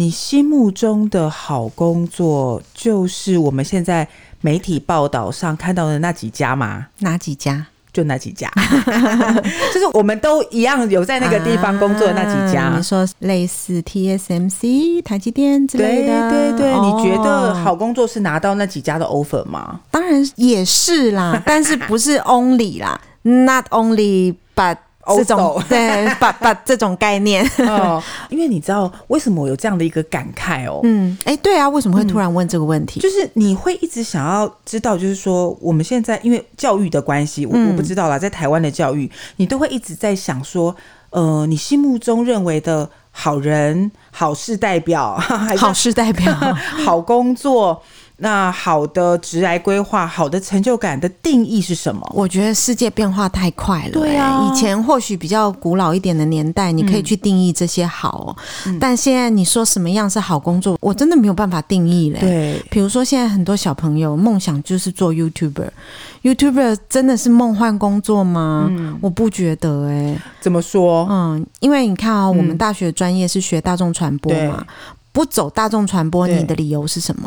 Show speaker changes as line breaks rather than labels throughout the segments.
你心目中的好工作就是我們現在媒體報道上看到的那幾家嗎？哪幾家？就那幾家 就是我們都一樣有在那個地方工作的那幾家、啊。你們說類似 TSMC、台積電之類的。對對對對、哦，你覺得好工作是拿到那幾家的 offer 嗎？
當然也是啦，但是不是 only 啦 ，not only but。這種對，
把 把這種概念，哦，因為你知道為什麼我有這樣的一個感慨？哦，
嗯、欸，對啊，為什麼會突然問這個問
題？嗯、就是你會一直想要知道，就是說我們現在因為教育的關係，我我不知道啦，在台灣的教育，嗯，你都會一直在想說，呃，你心目中認為的好人、好事代表，好事代表， 好工作。 那好的職涯規劃，好的成就感的定義是什麼？
我覺得世界變化太快了、欸。對啊，以前或許比較古老一點的年代，嗯、你可以去定義這些好、嗯。但現在你說什麼樣是好工作，我真的沒有辦法定義了、欸、對。比如說，現在很多小朋友夢想就是做 YouTuber，YouTuber YouTuber 真的是夢幻工作嗎？嗯、我不覺得、欸、怎麼說？嗯，因為你看啊，我們大學專業是學大眾傳播嘛、嗯，
不走大眾傳播，你的理由是什麼？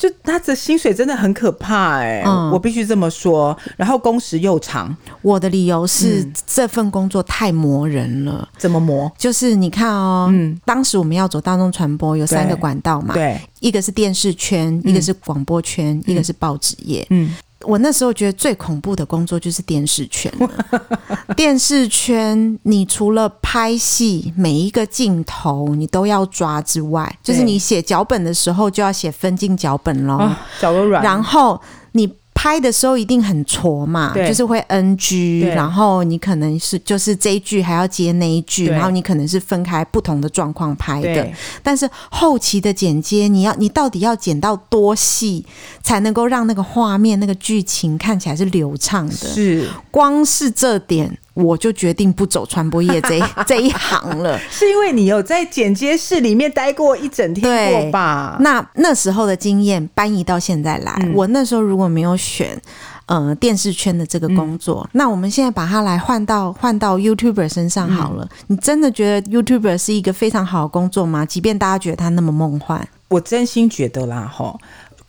就他的薪水真的很可怕哎、欸嗯，我必須這麼說。然後工時又長，我的理由是這份工作
太磨人了、嗯。怎麼磨？就是你看哦、喔，嗯，當時我們要走大眾傳播，有三個管道嘛，對，對，一個是電視圈，嗯、一個是廣播圈、嗯，一個是報紙業，嗯。嗯我那時候覺得最恐怖的工作就是電視圈了 電視圈，你除了拍戲，每一個鏡頭你都要抓之外，欸、就是你寫腳本的時候就要寫分鏡腳本咯、啊、腳都軟了，然後你。拍的時候一定很挫嘛，就是會 NG，然後你可能是就是這一句還要接那一句，然後你可能是分開不同的狀況拍的，但是後期的剪接，你要你到底要剪到多細才能夠讓那個畫面、那個劇情看起來是流暢的？是，光是這點。我就決定不走傳播業這這一行了， 是因為你有在剪接室裡面待過一整天過吧？對那那時候的經驗搬移到現在來，嗯，我那時候如果沒有選呃電視圈的這個工作，嗯，那我們現在把它來換到換到 YouTuber 身上好了，嗯。你真的覺得 YouTuber 是一個非常好的工作嗎？即便大家覺得它那麼
夢幻，我真心覺得啦吼。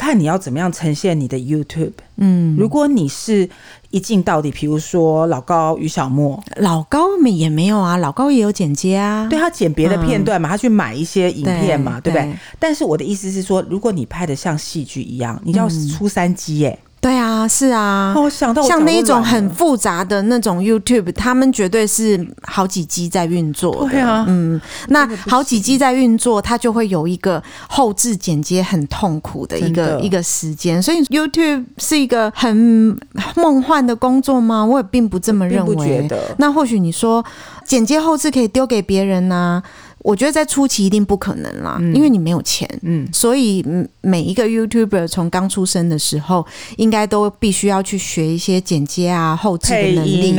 看你要怎麼樣呈現你的 YouTube，嗯，如果你是一鏡到底，比如說老高、與小莫，老高沒也沒有啊，老高也有剪接啊，對，他剪別的片段嘛、嗯，他去買一些影片嘛，對，對不對，對？但是我的意思是說，如果你拍的像戲劇一樣，你要出三機耶、欸。嗯對
啊，是啊，oh, 像那一種很複雜的那種 YouTube，oh, YouTube 他們絕對是好幾機在運作。對，oh, 啊，嗯，嗯，那好幾機在運作，它就會有一個後置剪接，很痛苦的一個一個時間。所以 YouTube 是一個很夢幻的工作嗎？我也並不這麼認為。不覺得，那或許你說剪接後置可以丟給別人啊。我覺得在初期一定不可能啦，嗯，因為你沒有錢，嗯，所以每一個 YouTuber 從剛出生的時候，應該都必須要去學一些剪接啊、後置的能力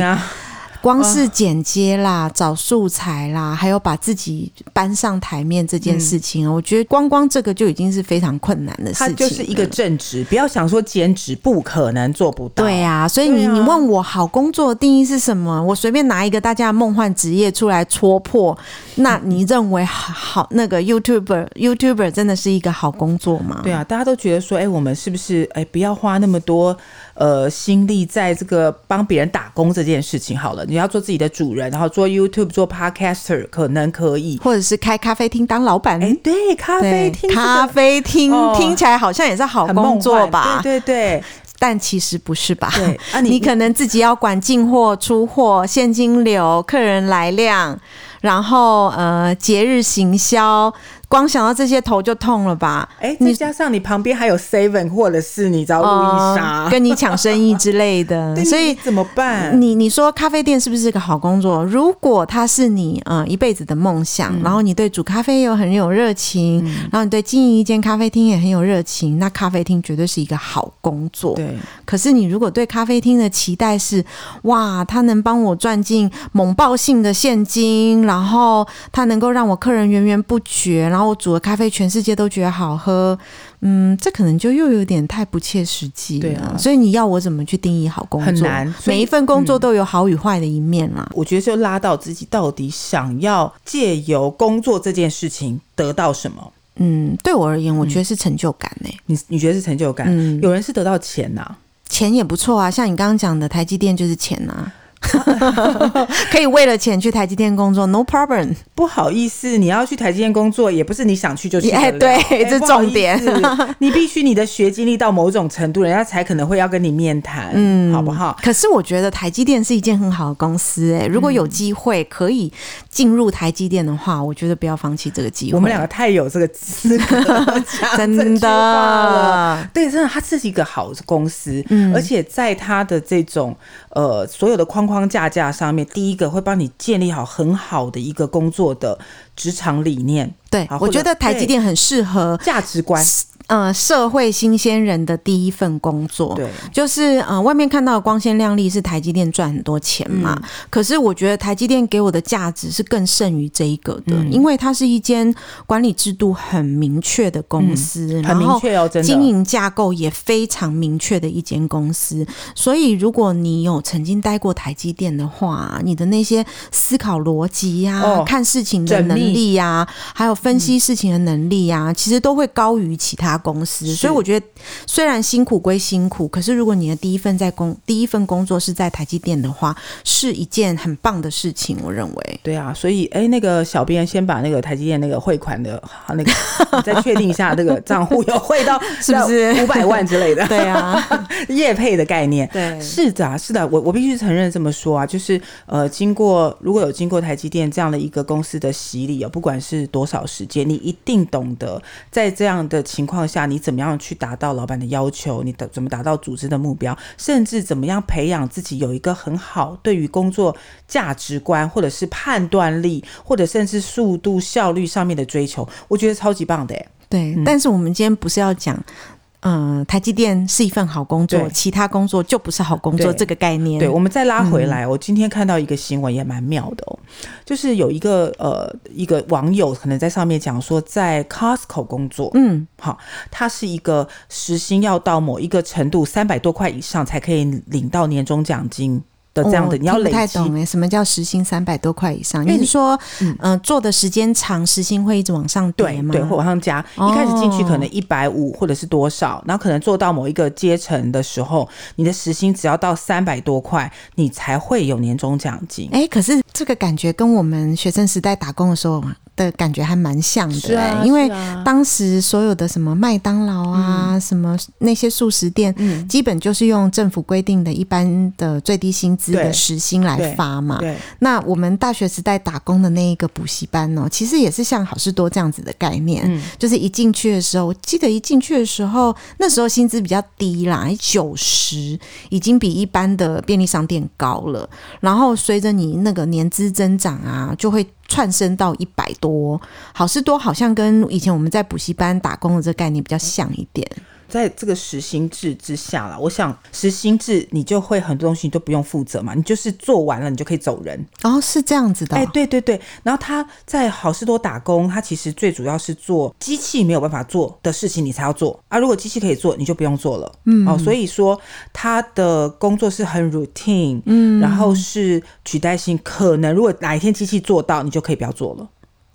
光是剪接啦，uh，找素材啦，還有把自己搬上台面這件事情、嗯、我覺
得光光這個就已經是非常困難的事情。它就是一個正職，不要想說兼職不可能做不到。
對呀、啊，所以你、啊、你問我好工作的定義是什麼？我隨便拿一個大家的夢幻職業出來戳破，那你認為好，好那
個 YouTuber，YouTuber 真的是一個好工作嗎？對啊，大家都覺得說，哎、欸，我們是不是哎、欸、不要花那麼多。呃，心力在這個幫別人打工這件事情好了，你要做自己的主人，然後做 YouTube、做 Podcaster 可能可以，或者是開咖啡廳當老闆、欸。對，咖啡廳、這個，咖啡廳、哦、聽起來好像也是好工作吧？對對對，但
其實不是吧？對啊、你，你可能自己要管進貨、出貨、現金流、客人來量，然後呃，節日行銷。光想到這些頭
就痛了吧？哎、欸，你加上你旁邊還有 Seven 或者是你找路易莎、呃、跟你搶生意之類的， 所以怎麼辦？你
你說咖啡店是不是一個好工作？如果它是你嗯、呃、一輩子的夢想、嗯，然後你對煮咖啡又很有熱情、嗯，然後你對經營一間咖啡廳也很有熱情、嗯，那咖啡廳絕對是一個好工作。對。可是你如果對咖啡廳的期待是哇，它能幫我賺進猛爆性的現金，然後它能夠讓我客人源源不絕，然後我煮的咖啡全世界都覺得好喝，嗯，這可能就又有點太不切實際了。對啊，所以你要我怎麼去定義好工作？很難，每一份工作都有好與壞的一面啦、啊嗯。
我覺得就拉到自己到底想要借由工作這件事情得到什麼？嗯，
對我而言，我覺得是成就感誒、欸嗯。你你覺得是成就感？嗯，有人是得到錢吶、啊，錢也不錯啊。像你剛剛講的台積電就是錢吶、啊。 可以為了錢去台積電工作，no problem。
不好意思，你要去台積電工作，也不是你想去就去。哎、欸，對，這重點。欸、 你必須你的學經歷到某種程度，人家才可能會要跟你面談，嗯，好不好？可是我覺得台積電是一件很好的公司、欸，哎，如果有機
會可以進入台積電的話、嗯，我覺得不要放棄這個機會。我們兩個
太有這個資格了，真的。對，真的，它是一個好公司，嗯，而且在它的這種呃所有的框框。框架架上面，第一個會幫你建立好很好的一個工作的職場理念。對啊，我覺得台積電很適合價值觀。
呃、嗯，社會新鮮人的第一份工作，對，就是呃，外面看到的光鮮亮麗是台積電賺很多錢嘛，嗯。可是我覺得台積電給我的價值是更勝於這一個的、嗯，因為它是一間管理制度很明確的公司，嗯、很明確、哦、真的，然後經營架構也非常明確的一間公司。所以如果你有曾經待過台積電的話，你的那些思考邏輯呀、看事情的能力呀、啊，還有分析事情的能力呀、啊嗯，其實都會高於其他。公司，所以我覺得雖然辛苦歸辛苦，可是如果你的第一份在工第一份工作是在台積電的話，是一件很棒的事情，我認為。
對啊，所以哎、欸，那個小編先把那個台積電那個匯款的，那個 再確定一下，這個賬戶有匯到是不是五百萬之類的？對啊，業配的概念，對，是的啊，是的、啊，我我必須承認這麼說啊，就是呃，經過如果有經過台積電這樣的一個公司的洗禮啊，不管是多少時間，你一定懂得在這樣的情況，下你怎麼樣去達到老闆的要求？你怎怎麼達到組織的目標？甚至怎麼樣培養自己有一個很好對於工作價值觀，或者是判斷力，或者甚至速度效率上面的追求？我覺得超級棒的欸。
對，嗯，但是我們今天不是要講。嗯，台積電是一份好工作，其
他工作就不是好工作這個概念。對，我們再拉回來、嗯，我今天看到一個新聞也蠻妙的哦，就是有一個呃一個網友可能在上面講說，在 Costco 工作，嗯，好，他是一個時薪要到某一個程度三百多塊以上才可以領到年終獎金。的這樣的、哦、你要累不太懂
哎、欸，什麼叫時薪三百
多塊以上？因為你說，嗯、呃，做的時間長，時薪會一直往上堆嗎？對，會往上加。哦、一開始進去可能一百五或者是多少，然後可能做到某一個階層的時候，你的時薪只要到三百多塊，你才會有年終獎金。哎、欸，
可是這個感覺跟我們學生時代打工的時候嘛。的感覺還蠻像的，欸啊，因為當時所有的什麼麥當勞啊、嗯，什麼那些速食店，嗯，基本就是用政府規定的一般的最低薪資的時薪來發嘛對對。對，那我們大學時代打工的那一個補習班呢，喔，其實也是像好事多這樣子的概念，嗯，就是一進去的時候，我記得一進去的時候，那時候薪資比較低啦，九十已經比一般的便利商店高了，然後隨着你那個年資增長啊，就會。竄升到一百多，好市多好像跟以前我們在補習班打工的這個概念比較像一點。嗯
在這個時薪制之下啦，我想時薪制你就會很多東西你都不用負責嘛，你就是做完了你就可以走人哦，是這樣子的。哎、欸，對對對，然後他在好事多打工，他其實最主要是做機器沒有辦法做的事情你才要做啊，如果機器可以做你就不用做了。嗯，哦，所以說他的工作是很 routine，嗯，然後是取代性，可能如果哪一天機器做到你就可以不要做了。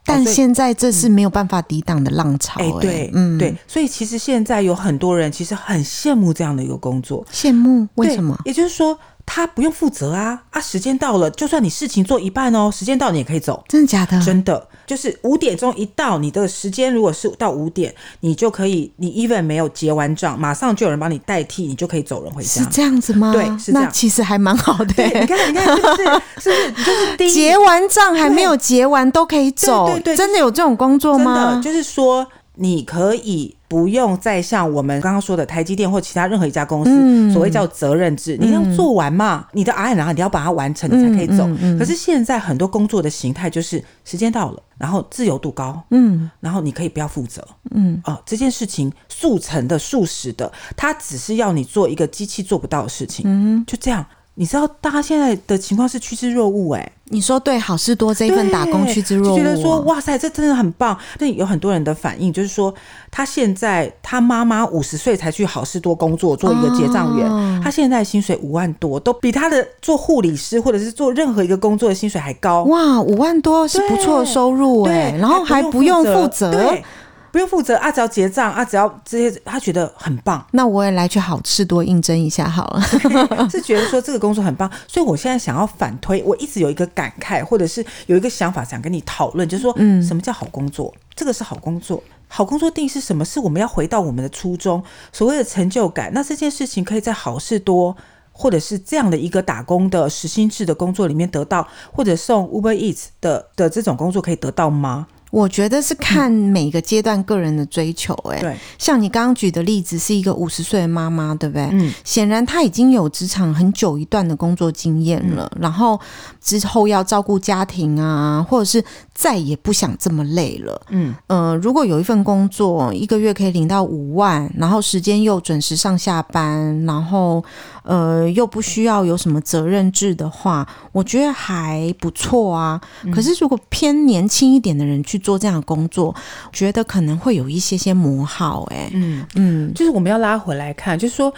但現在這是沒有辦法抵擋的浪潮欸。哎，對，嗯，對，
所以其實現在有很多人其實很羨慕這樣的一個工作，羨慕為什麼？也就是說。他不用負責啊啊！時間到了，就算你事情做一半哦，時間到你也可以走。真的假的？真的，就是五點鐘一到，你的時間如果是5到五點，你就可以，你 even 沒有結完賬，馬上就有人幫你代替，你就可以走人回家。是這樣子嗎？對，是這樣。那其實還蠻好的。欸，你看，你
看，
就是 是不是就是、就是、 結
完賬還沒有結完都可以走？對對，對，對，真的有這種工作嗎？真的，就
是說你可以。不用再像我們剛剛說的台積電或其他任何一家公司，嗯、所謂叫責任制、嗯，你要做完嘛？嗯、你的 R&R 你要把它完成，你才可以走、嗯嗯嗯。可是現在很多工作的形態就是時間到了，然後自由度高，嗯，然後你可以不要負責，嗯，哦、呃，這件事情速成的、速食的，它只是要你做一個機器做不到的事情，嗯，就這樣。你知道大家現在的情況是趨之若鶩哎、欸，你說對好事多這一份打工趨之若鶩、喔，我覺得說哇塞，這真的很棒。但有很多人的反應就是說，他現在他媽媽五十歲才去好事多工作，做一個結賬員他、哦、現在薪水五萬多，都比他的做護理師或者是做任何一個工作的薪水還高。哇，五萬多是不錯的收入哎、欸，然後還不用負責。負責，對不用負責、啊，只要結賬、啊，只要這些他覺得很棒。
那我也來去好事多應徵一下好
了，okay, 是覺得說這個工作很棒， 所以我現在想要反推，我一直有一個感慨，或者是有一個想法想跟你討論，就是說、嗯，什麼叫好工作？這個是好工作，好工作定義是什麼？是我們要回到我們的初衷，所謂的成就感。那這件事情可以在好事多，或者是這樣的一個打工的時薪制的工作裡面得到，或者送 Uber Eats 的的這種工作可以得到嗎？
我覺得是看每個階段個人的追求，欸，誒，嗯，對，像你剛剛舉的例子，是一個五十歲的媽媽，對不對？嗯，顯然她已經有職場很久一段的工作經驗了，嗯，然後之後要照顧家庭啊，或者是再也不想這麼累了，嗯呃，如果有一份工作，一個月可以領到五萬，然後時間又準時上下班，然後。呃，又不需要有什麼責任制的話，嗯，我覺得還不錯啊，嗯。可是，如果偏年輕一點的人去做這樣的工作，覺得可能會有一
些些磨耗，哎，嗯
嗯，
就是我們要拉回來看，就是說。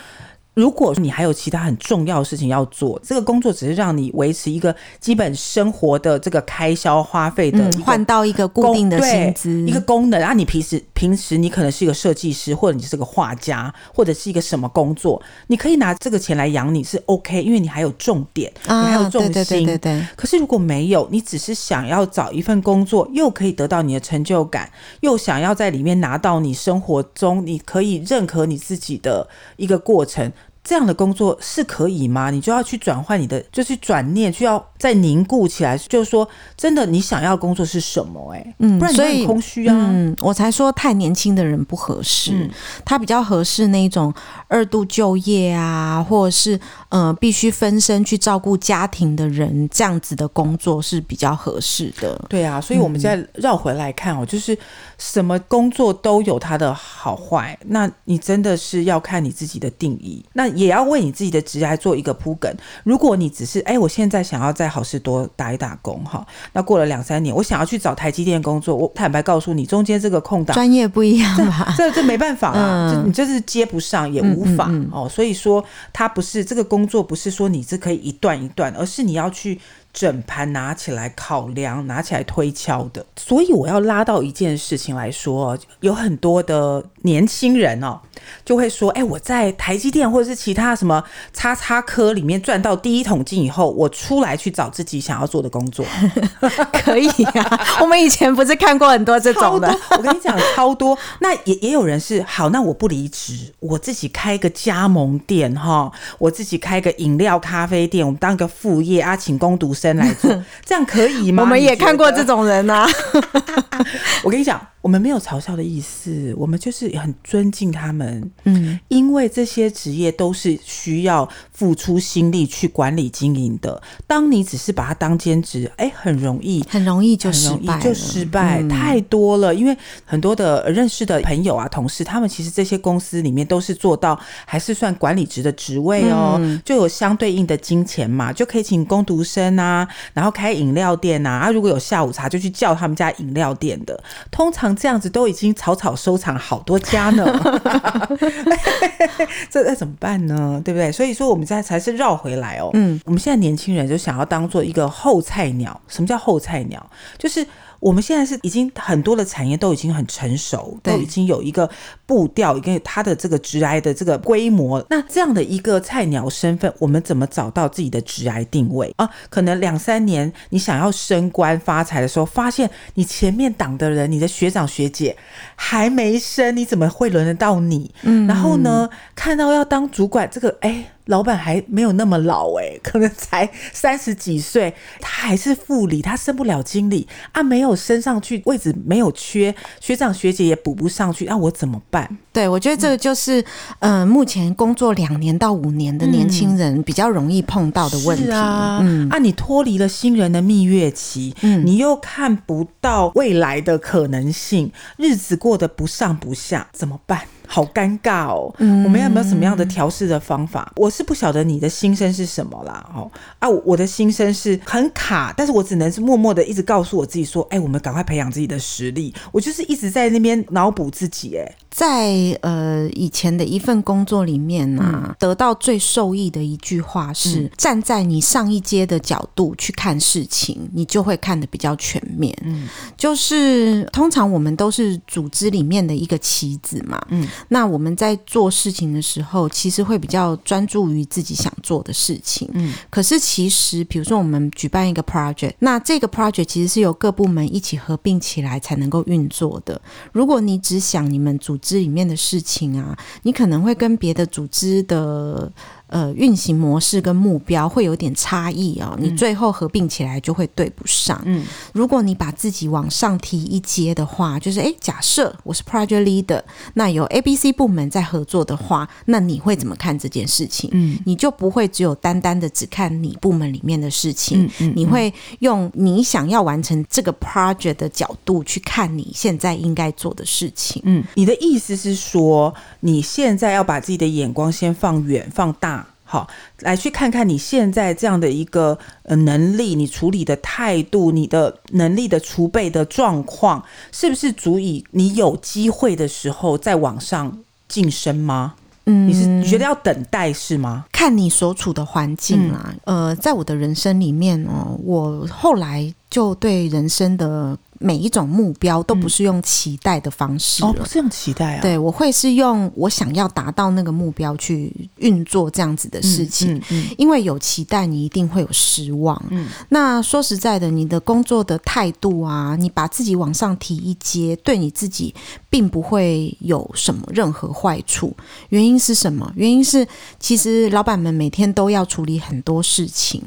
如果你還有其他很重要的事情要做，這個工作只是讓你維持一個基本生活的這個開銷花費的，換、嗯、到一個固定的薪資，一個功能啊。你平時平時你可能是一個設計師，或者你是個畫家，或者是一個什麼工作，你可以拿這個錢來養你是 OK，因為你還有重點，啊、你還有重心，對對對對對對。可是如果沒有，你只是想要找一份工作，又可以得到你的成就感，又想要在裡面拿到你生活中你可以認可你自己的一個過程。這樣的工作是可以嗎？你就要去轉換你的，就去轉念，就要再凝固起來。就是說，真的，你想要的工作是什麼，欸？哎，嗯，不然你很空虛啊。嗯，我才說太年
輕的人不合適，嗯，他比較合適那種二度就業啊，或者是。呃，必須分身去照顧家庭的人，這樣子的工作是比較
合適的。對啊，所以我們再繞回來看哦、嗯，就是什麼工作都有它的好壞，那你真的是要看你自己的定義，那也要為你自己的職業做一個鋪梗。如果你只是哎、欸，我現在想要在好市多打一打工哈、哦，那過了兩三年，我想要去找台積電工作，我坦白告訴你，中間這個空檔專
業不一樣
吧？這這，這沒辦法啊，嗯、你就是接不上也無法、嗯嗯嗯、哦。所以說，它不是這個工。工作不是說你這可以一段一段，而是你要去整盤拿起來考量，拿起來推敲的，所以我要拉到一件事情來說，有很多的年輕人哦，就會說：“哎、欸，我在台積電或者是其他什麼叉叉科裡面賺到第一桶金以後，我出來去找自己想要做的工作。 ”可以啊， 我們以前不是看過很多這種的，我跟你講超多。那也也有人是，好，那我不離職，我自己開個加盟店哈，我自己開個飲料咖啡店，我們當個副業啊，請工讀。生來做這樣可以
嗎？ 我們也看過這種人吶、
啊。 我跟你講，我們沒有嘲笑的意思，我們就是很尊敬他們。嗯，因為這些職業都是需要付出心力去管理經營的。當你只是把它當兼職，哎、欸，很容易，很容易就失敗，很容易就失敗、嗯、太多了。因為很多的認識的朋友啊、同事，他們其實這些公司裡面都是做到還是算管理職的職位哦、喔嗯，就有相對應的金錢嘛，就可以請工讀生啊。啊，然後開飲料店啊，啊如果有下午茶就去叫他們家飲料店的，通常這樣子都已經草草收藏好多家呢， 這怎麼辦呢？對不對？所以說我們現在才是繞回來哦，嗯，我們現在年輕人就想要當做一個後菜鳥，什麼叫後菜鳥？就是。我們現在是已經很多的產業都已經很成熟，都已經有一個步調，跟個它的這個職涯的這個規模。那這樣的一個菜鳥身份，我們怎麼找到自己的職涯定位啊？可能兩三年你想要升官發財的時候，發現你前面擋的人，你的學長學姐還沒升，你怎麼會輪得到你？嗯、然後呢，看到要當主管這個，哎。老闆還沒有那麼老，哎、欸，可能才三十幾歲，他還是副理，他升不了經理啊，沒有升上去，位置沒有缺，學長學姐也補不上去，那、啊、我怎麼辦？
對，我覺得這個就是，嗯、呃，目前工作兩年到五年的年輕人比較容易碰到的問題，嗯、啊、嗯，
啊，你脫離了新人的蜜月期、嗯，你又看不到未來的可能性，日子過得不上不下，怎麼辦？好尷尬哦、嗯，我們有沒有什麼樣的調適的方法？我是不曉得你的心聲是什麼啦，哦啊我，我的心聲是很卡，但是我只能是默默的一直告訴我自己說，哎、欸，我們趕快培養自己的實力，我就是一直在那邊腦補自己、欸，哎。
在呃以前的一份工作裡面呢、啊嗯，得到最受益的一句話是：嗯、站在你上一階的角度去看事情，你就會看得比較全面。嗯，就是通常我們都是組織裡面的一個棋子嘛。嗯，那我們在做事情的時候，其實會比較專注於自己想做的事情。嗯，可是其實比如說我們舉辦一個 project，那這個 project 其實是由各部門一起合併起來才能夠運作的。如果你只想你們組組織裡面的事情啊，你可能會跟別的組織的。呃，運行模式跟目標會有點差異哦，嗯，你最後合併起來就會對不上。嗯，如果你把自己往上提一階的話，就是哎，假設我是 project leader，那有 A B C 部門在合作的話，那你會怎麼看這件事情？嗯，你就不會只有單單的只看你部門裡面的事情。嗯嗯，你會用你想
要完成這個 project 的角度去看你現在應該做的事情。嗯，你的意思是說，你現在要把自己的眼光先放遠、放大。好，來去看看你現在這樣的一個呃，能力，你處理的態度，你的能力的儲備的狀況，是不是足以你有機會的時候再往上晉升嗎？
嗯，你是你覺
得要等待是嗎？
看你所處的環境啦、啊嗯。呃，在我的人生裡面哦、呃，我後來就對人生的。每一種目標都不是用期待的方式哦，不是用
期待啊。對，
我會是用我想要達到那個目標去運作這樣子的事情，嗯嗯嗯，因為有期待，你一定會有失望。嗯，那說實在的，你的工作的態度啊，你把自己往上提一階，對你自己並不會有什麼任何壞處。原因是什麼？原因是其實老闆們每天都要處理很多事情，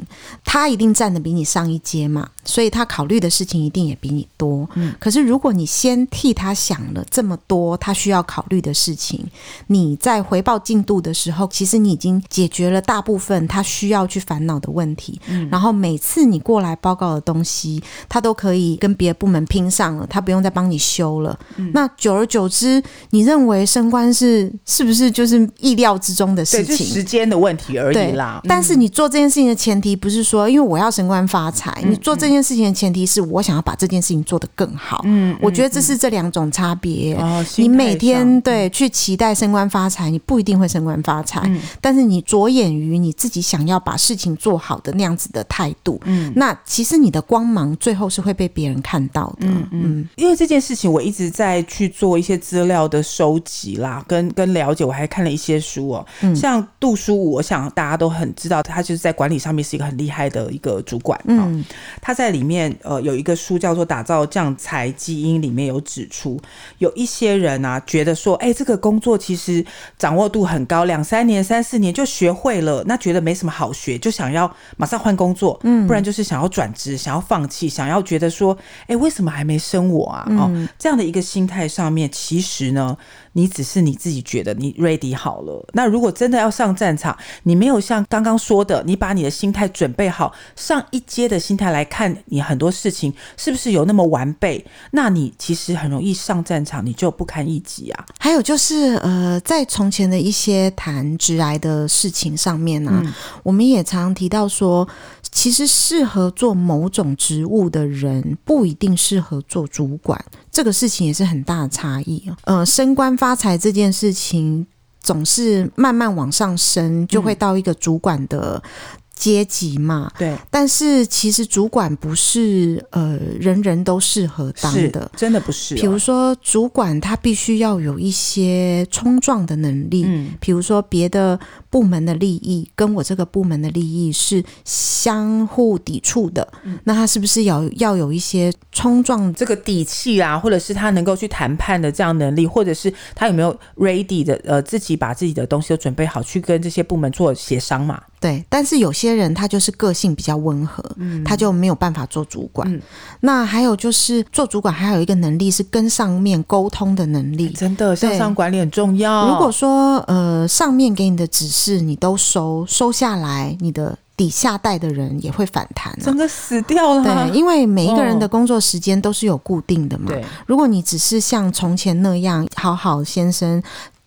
他一定站得比你上一階嘛，所以他考慮的事情一定也比你多。多，嗯，可是如果你先替他想了這麼多他需要考慮的事情，你在回報進度的時候，其實你已經解決了大部分他需要去煩惱的問題。嗯，然後每次你過來報告的東西，他都可以跟別的部門拼上了，他不用再幫你修了。嗯，那久而久之，你認為升官是是不是就是意料之中的事情？時間的問題而已啦。但是你做這件事情的前提不是說，因為我要升官發財，嗯，你做這件事情的前提是我想要把這件事情做。做得更好嗯嗯，嗯，我覺得這是這兩種差別。哦，你每天對、嗯、去期待升官發財，你不一定會升官發財，嗯。但是你着眼於你自己想要把事情做好的那樣子的態度，嗯，那其實你的光芒最後
是會被別人看到的嗯嗯，嗯，因為這件事情我一直在去做一些資料的收集啦，跟跟了解，我還看了一些書哦、喔、嗯，像杜書，我想大家都很知道，他就是在管理上面是一個很厲害的一個主管，嗯，喔，他在裡面呃有一個書叫做打造。這樣才基因裡面有指出，有一些人啊，覺得說，哎、欸，這個工作其實掌握度很高，兩三年、三四年就學會了，那覺得沒什麼好學，就想要馬上換工作，嗯，不然就是想要轉職，想要放棄，想要覺得說，哎、欸，為什麼還沒生我啊？嗯哦、這樣的一個心態上面，其實呢。你只是你自己覺得你 ready 好了，那如果真的要上戰場，你沒有像剛剛說的，你把你的心態準備好，上一階的心態來看，你很多事情是不是有那麼完備？那你其實很容易上戰場，你就不堪一擊啊。
還有就是，呃，在從前的一些談職涯的事情上面呢、啊嗯，我們也常提到說。其實適合做某種職務的人，不一定適合做主管。這個事情也是很大的差異呃，升官發財這件事情總是慢慢往上升，就會到一個主管的階級嘛。嗯、對。但是其實主管不是呃人人都適合當的，
真的不是、哦。比如說
主管他必須要有一些衝撞的能力，嗯、比如說別的。部門的利益跟我
這個部門的利益是相互抵觸的，嗯、那他是不是有要，要有一些衝撞這個底氣啊，或者是他能夠去談判的這樣能力，或者是他有沒有 ready 的呃自己把自己的東西都準備好去跟這些部門做協商嘛？
對。但是有些人他就是個性比較溫和，嗯、他就沒有辦法做主管。嗯、那還有就是做主管還有一個能力是跟上面溝通的能力，哎、真的向上管
理很重要。如果說
呃上面給你的指示，是，你都收收下來，你的底下帶的人也會反彈啊。整個死掉了啊。對，因為每一個人的工作時間都是有固定的嘛。哦。對，如果你只是像從前那樣好好先生。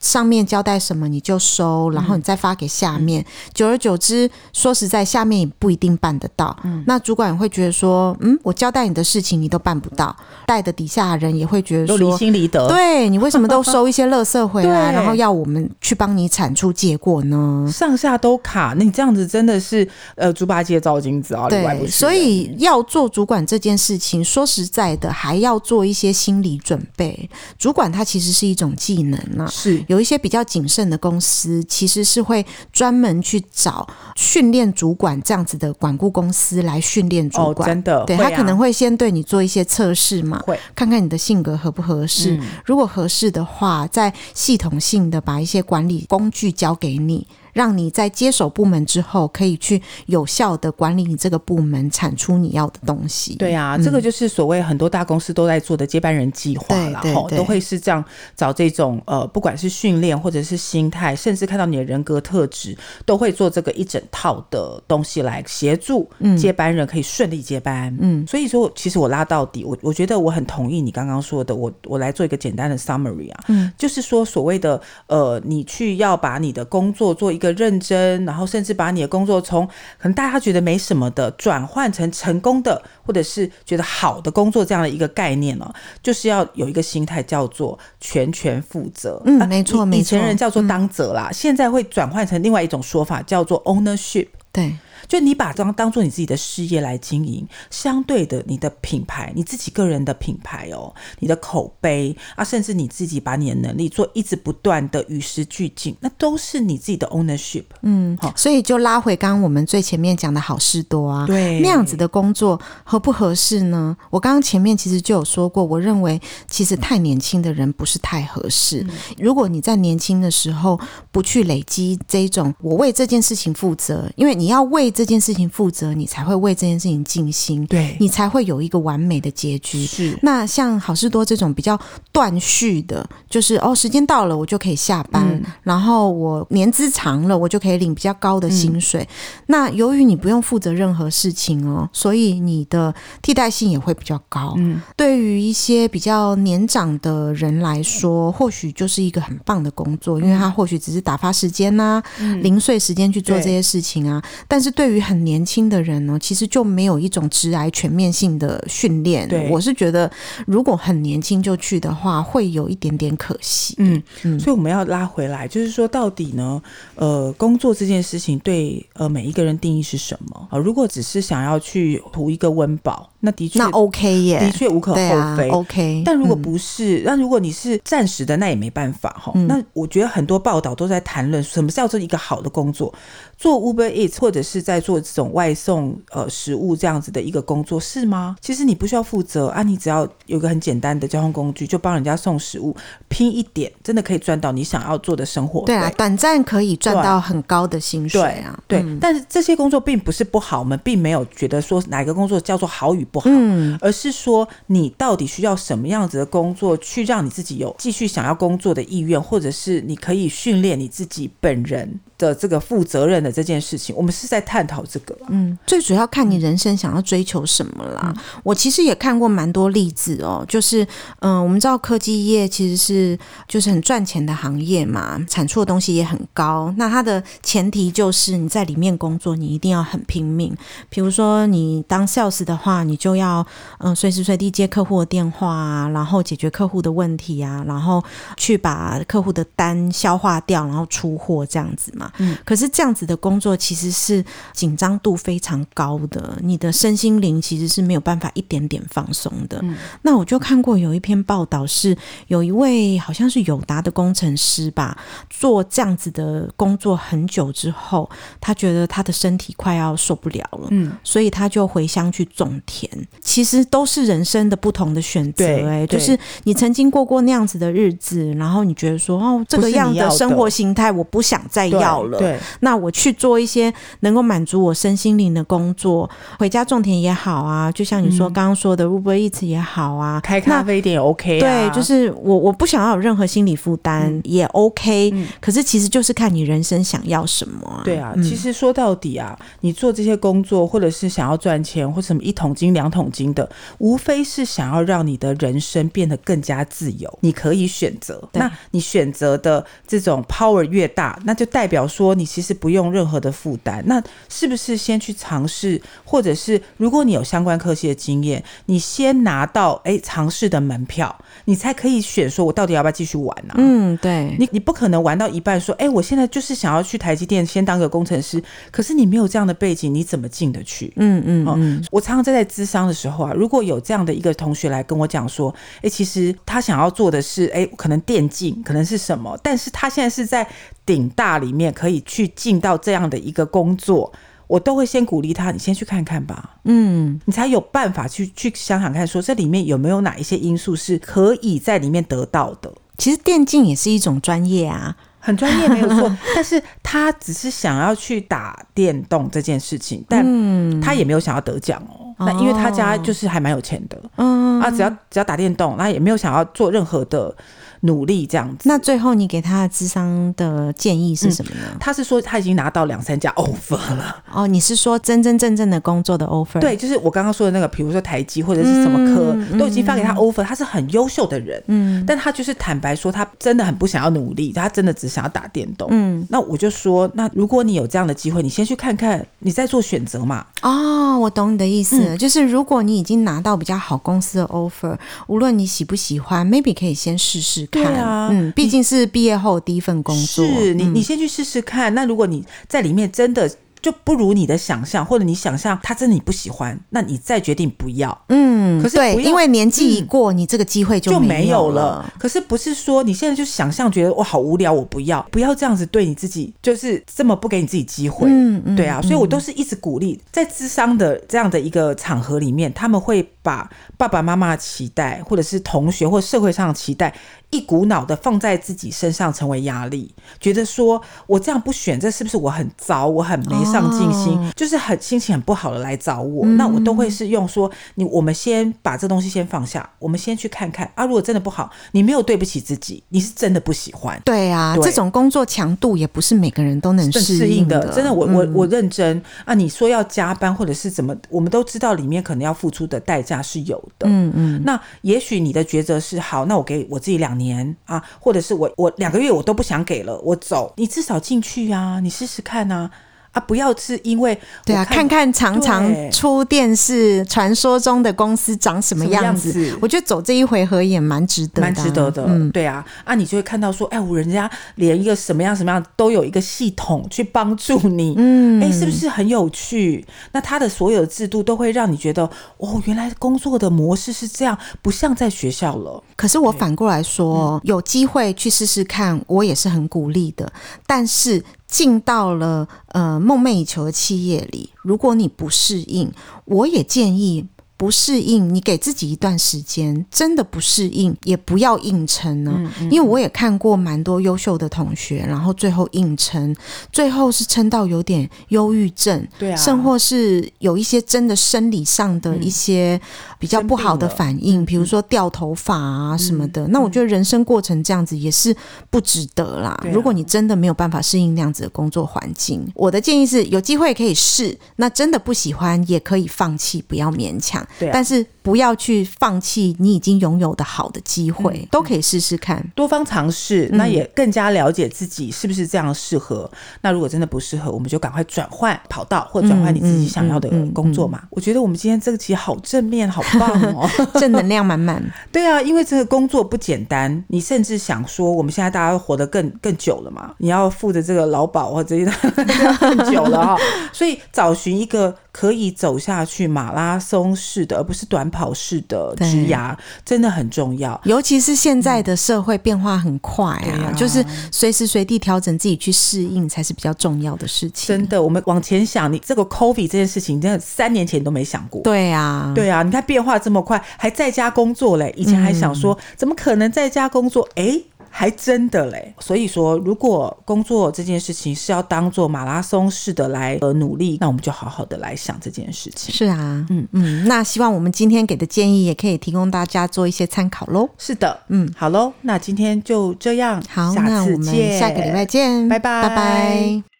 上面交代什麼你就收，然後你再發給下面。嗯，久而久之，說實在，下面也不一定辦得到。嗯，那主管也會覺得說，嗯，我交代你的事情你都辦不到，帶的底下的人也會覺得說離心離德。對，你為什麼都收一些樂色
回來， 然後要我們去幫你產出結果呢？上下都卡，那你這樣子真的是呃，豬八戒照鏡子啊，對，裡外不是人，所以要做主管這件事
情，說實在的，還要做一些心理準備。主管他其實是一種技能啊，是有。有一些比較謹慎的公司，其實是會專門去找訓練主管這樣子的管顧公司來訓練主管。哦，真的，對，啊，他可能會先對你做一些測試嘛，看看你的性格合不合適。嗯，如果合適的話，再系統性的把一些管理工具交給你。讓你在接手部門之後，可以去有效的管理你這個部門，產出你要的東西。對啊，嗯，這個
就是所謂很多大公司都在做的接班人計劃，然後都會是這樣找這種呃，不管是訓練或者是心態，甚至看到你的人格特質，都會做這個一整套的東西來協助接班人可以順利接班。嗯，所以說，其實我拉到底，我我覺得我很同意你剛剛說的。我我來做一個簡單的 summary 啊，嗯，就是說所謂的呃，你去要把你的工作做一個。認真，然後甚至把你的工作從可能大家覺得沒什麼的轉換成成功的，或者是覺得好的工作這樣的一個概念呢、啊，就是要有一個心態叫做全權負責。嗯，沒、啊、錯，沒錯。以前人叫做當責啦、嗯，現在會轉換成另外一種說法，叫做 ownership。對。就你把這當做你自己的事業來經營，相對的，你的品牌，你自己個人的品牌哦，你的口碑啊，甚至你自己把你的能力做一直不斷的與時俱進，那都是你自己的 ownership。嗯，好，所以就拉
回剛剛我們最前面講的好事多
啊，對，那樣子的工作合不合適呢？我
剛剛前面其實就有說過，我認為其實太年輕的人不是太合適。嗯。如果你在年輕的時候不去累積這種我為這件事情負責，因為你要為這件事情負責，你才會為這件事情盡心，對你才會有一個完美的結局。是那像好市多這種比較斷續的，就是哦，時間到了我就可以下班，嗯、然後我年資長了我就可以領比較高的薪水，嗯。那由於你不用負責任何事情哦，所以你的替代性也會比較高。嗯、對於一些比較年長的人來說，或許就是一個很棒的工作，嗯、因為他或許只是打發時間吶、啊嗯，零碎時間去做這些事情啊。但是對。對於很年輕的人呢，其實就沒有一種職涯全面性的訓
練。對，我是覺得如果很年輕就去的話，會有一點點可惜。嗯嗯，所以我們要拉回來，就是說到底呢，呃，工作這件事情對呃每一個人定義是什麼？啊，如果只是想要去圖一個溫飽，那的確那 OK 耶，的確無可厚非、啊、OK。但如果不是，那、嗯、如果你是暫時的，那也沒辦法哈、嗯。那我覺得很多報道都在談論什麼叫做一個好的工作，做 Uber Eats 或者是在。在做這種外送呃食物這樣子的一個工作，是嗎？其實你不需要負責啊，你只要有個很簡單的交通工具，就幫人家送食物，拼一點，真的可以賺到你想要做的生活。對啊，對，
短暫可以賺到很高的薪水
啊。對，對，嗯，但是這些工作並不是不好，我們並沒有覺得說，哪個工作叫做好與不好，嗯，而是說你到底需要什麼樣子的工作，去讓你自己有繼續想要工作的意願，或者是你可以訓練你自己本人，的這個負責任的這件事情，我們是在探討這個。嗯，
最主要看你人生想要追求什麼啦。嗯、我其實也看過蠻多例子哦,就是嗯、呃，我們知道科技業其實是就是很賺錢的行業嘛，產出的東西也很高。那它的前提就是你在裡面工作，你一定要很拼命。比如說你當 sales 的話，你就要嗯、呃、隨時隨地接客戶的電話啊，然後解決客戶的問題啊，然後去把客戶的單消化掉，然後出貨這樣子嘛。嗯，可是這樣子的工作其實是緊張度非常高的，你的身心靈其實是沒有辦法一點點放鬆的。嗯，那我就看過有一篇報道，是有一位好像是友達的工程師吧，做這樣子的工作很久之後，他覺得他的身體快要受不了了，嗯，所以他就回鄉去種田。其實都是人生的不同的選擇，欸，哎，就是你曾經過過那樣子的日子，然後你覺得說，哦，這個樣的生活形態我不想再要。好了，對，那我去做一些能夠滿足我身心靈的工作，回家種田也好啊，就像你說剛剛說的 Uber Eats 也好啊，嗯、開咖啡店也 OK，、啊、對，就是我我不想要有任何心理負擔、嗯、
也 OK，、嗯、可是其實就是看你人生想要什麼、啊，對啊，其實說到底啊，你做這些工作，或者是想要賺錢，或什麼一桶金兩桶金的，無非是想要讓你的人生變得更加自由，你可以選擇，那你選擇的這種 power 越大，那就代表。說你其實不用任何的負擔，那是不是先去嘗試，或者是如果你有相關科系的經驗，你先拿到哎嘗試的門票，你才可以選說，我到底要不要繼續玩呢、啊？嗯，對你，你不可能玩到一半說，哎，我現在就是想要去台積電先當個工程師，可是你沒有這樣的背景，你怎麼進得去？嗯嗯嗯，嗯。我常常在在諮商的時候啊，如果有這樣的一個同學來跟我講說，哎，其實他想要做的是，哎，可能電競，可能是什麼，但是他現在是在。頂大裡面可以去進到這樣的一個工作，我都會先鼓勵他，你先去看看吧。嗯，你才有辦法去去想想看，說這裡面有沒有哪一些因素是可以在裡面得到的。其實電競也是一種專業啊，很專業沒有錯。 但是他只是想要去打電動這件事情，但他也沒有想要得獎哦，喔，嗯。那因為他家就是還蠻有錢的，
嗯啊，只要
只要打電動，他也沒有想要做任何的。努力這樣子，那最
後你給他的諮商的建議是什麼呢、
嗯？他是說他已經拿到兩三家 offer 了。哦，你
是說真真正,正正的工作的 offer？對，就是
我剛剛說的那個，比如說台積或者是什麼科、嗯嗯、都已經發給他 offer。他是很優秀的人，嗯，但他就是坦白說，他真的很不想要努力，他真的只想要打電動。嗯，那我就說，那如果你有這樣的機會，你先去看看，你再做選擇嘛。
哦，我懂你的意思、嗯，就是如果你已經拿到比較好公司的 offer，無論你喜不喜歡，maybe 可以先試試看。對啊，嗯，畢竟是畢業後第一份工作，你是你，你先
去試試看、嗯。那如果你在裡面真的就不如你的想象，或者你想象他真的你不喜歡，那你再決定不要。嗯，可是不要因為
年紀已過、嗯，你這個機會就沒,就沒有了。
可是不是說你現在就想象覺得我好無聊，我不要，不要這樣子對你自己，就是這麼不給你自己機會。嗯嗯，對啊，所以我都是一直鼓勵，在諮商的這樣的一個場合裡面，他們會把爸爸媽媽的期待，或者是同學或社會上的期待。一股腦的放在自己身上成為壓力，覺得說我這樣不選，這是不是我很糟，我很沒上進心、哦，就是很心情很不好的來找我，嗯、那我都會是用說你，我們先把這東西先放下，我們先去看看啊。如果真的不好，你沒有對不起自己，你是真的不喜歡。對啊，對這種
工作強度也不是每個人都能適應的。應的嗯、真的我，
我我我認真啊。你說要加班或者是怎麼，我們都知道裡面可能要付出的代價是有的。嗯嗯，那也許你的抉擇是好，那我給我自己兩。年啊，或者是我我兩個月我都不想給了，我走，你至少進去啊，你試試看啊。啊，不要是因為對啊，看看常常出電視傳說中的公司長什
麼樣子，我覺得走這一回合也蠻值得的啊，蠻值得的，嗯。
對啊，啊，你就會看到說，哎，我人家連一個什麼樣什麼樣都有一個系統去幫助你，嗯，哎，是不是很有趣？那他的所有制度都會讓你覺得，哦，原來工作的模式是這樣，不像在學校了。可是我反過來說，嗯，有機會去試試
看，我也是很鼓勵的，但是。進到了呃夢寐以求的企業裡，如果你不適應，我也建議不適應，你給自己一段時間，真的不適應也不要硬撐呢、啊嗯嗯，因為我也看過蠻多優秀的同學，然後最後硬撐，最後是撐到有點憂鬱症，對啊，甚或是有一些真的生理上的一些。嗯比較不好的反應，比如說掉頭髮啊什麼的、嗯，那我覺得人生過程這樣子也是不值得啦。嗯、如果你真的沒有辦法適應這樣子的工作環境、對啊，我的建議是有機會可以試，那真的不喜歡也可以放棄，不要勉強。對、啊，但是。不要去
放棄你已經擁有的好的機會，嗯，都可以試試看，多方嘗試，嗯，那也更加了解自己是不是這樣適合、嗯。那如果真的不適合，我們就趕快轉換跑道，或轉換你自己想要的工作嘛、嗯嗯嗯嗯。我覺得我們今天這個集好正面，好棒哦， 正能量滿滿。 對啊，因為這個工作不簡單，你甚至想說，我們現在大家活得更更久了嘛，你要負責這個勞保 這樣更久了哈、哦，所以找尋一個。可以走下去馬拉松式的，而不是短跑式的職涯，真的很重要。
尤其是現在的社會變化很快啊，嗯、啊
就是隨時隨地調整自己去適應，才是比較重要的事情。真的，我們往前想，你這個 COVID 這件事情，真的三年前都沒想過。對呀、啊，對呀、啊，你看變化這麼快，還在家工作嘞。以前還想說、嗯、怎麼可能在家工作？哎、欸。還真的嘞，所以說，如果工作這件事情是要當做馬拉松式的來努力，那我們就好好的來想這件事情。
是啊，嗯嗯，那希望我們今天給的建議也
可以提供大家做一些參考嘍。是的，嗯，好嘍，那今天就這樣，好，下次那我們下個禮拜見，拜拜。拜拜。